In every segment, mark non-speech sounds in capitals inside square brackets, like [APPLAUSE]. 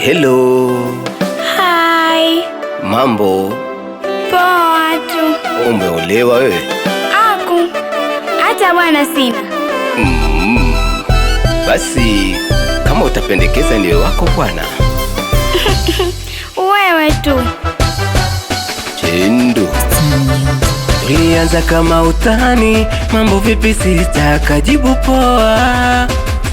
Hello. Hi. Mambo? Poa tu. Umeolewa wewe? Aku. Hata bwana sina. Mm. Basi kama utapendekeza ndiwe wako bwana. [LAUGHS] Wewe tu. Chendu. Ulianza kama utani, mambo vipi? sitakajibu poa.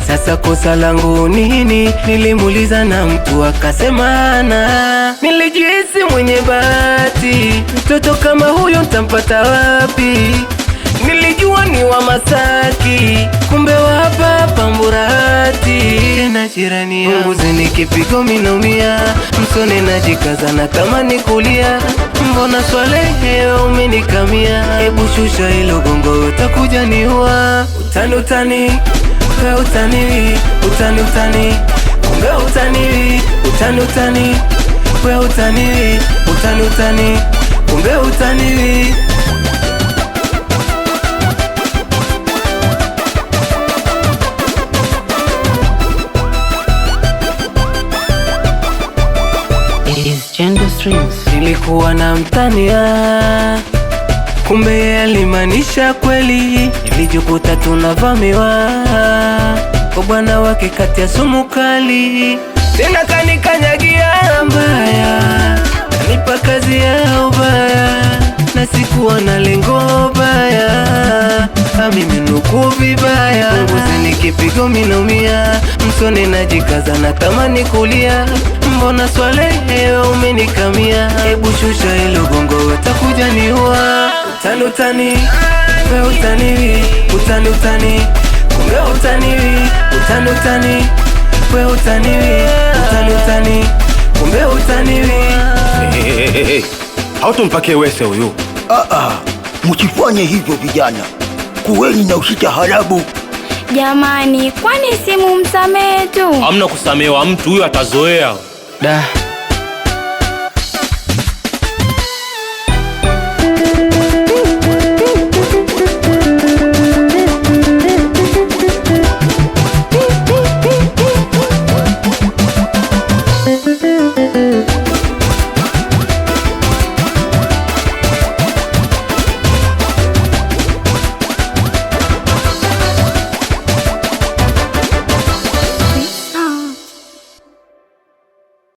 Sasa kosa langu nini? Nilimuuliza na mtu akasema na nilijihisi mwenye bahati, mtoto kama huyo ntampata wapi? Nilijua ni wa Masaki, kumbe wa hapa hapa Mburahati. Tena jirani mbuzi ni kipigo, minaumia msone na jikaza na kama nikulia, mbona Swalehe umenikamia? Hebu shusha hilo gongo, utakuja niua utani. Kumbe utani, utani, utani. Kumbe utani, utani, utani. Kumbe utani, utani, utani. Kumbe utani. Nilikuwa na mtania, kumbe alimaanisha kweli tulijikuta tunavamiwa kwa bwana wake kati ya sumu kali, tena kanikanyagia mbaya, kanipa kazi ya ubaya, na sikuwa na lengo baya, amiminuku vibaya, nguzini kipigo minaumia, msoni najikaza na tamani kulia, mbona swalehe umenikamia? Hebu shusha hilo gongo, watakuja niua tanutani Kumbe utani utaniwi, utani utani, kumbe utani utaniwi, utani utani, utani utaniwi, utani utani, kumbe utani Hey, hey, hey. Hautumpakie wese huyu. Ah ah, msifanye hivyo vijana, kuweni na harabu Jamani, kwani simu mumsamehe tu? Hamna kusamehewa mtu, huyo atazoea. Da.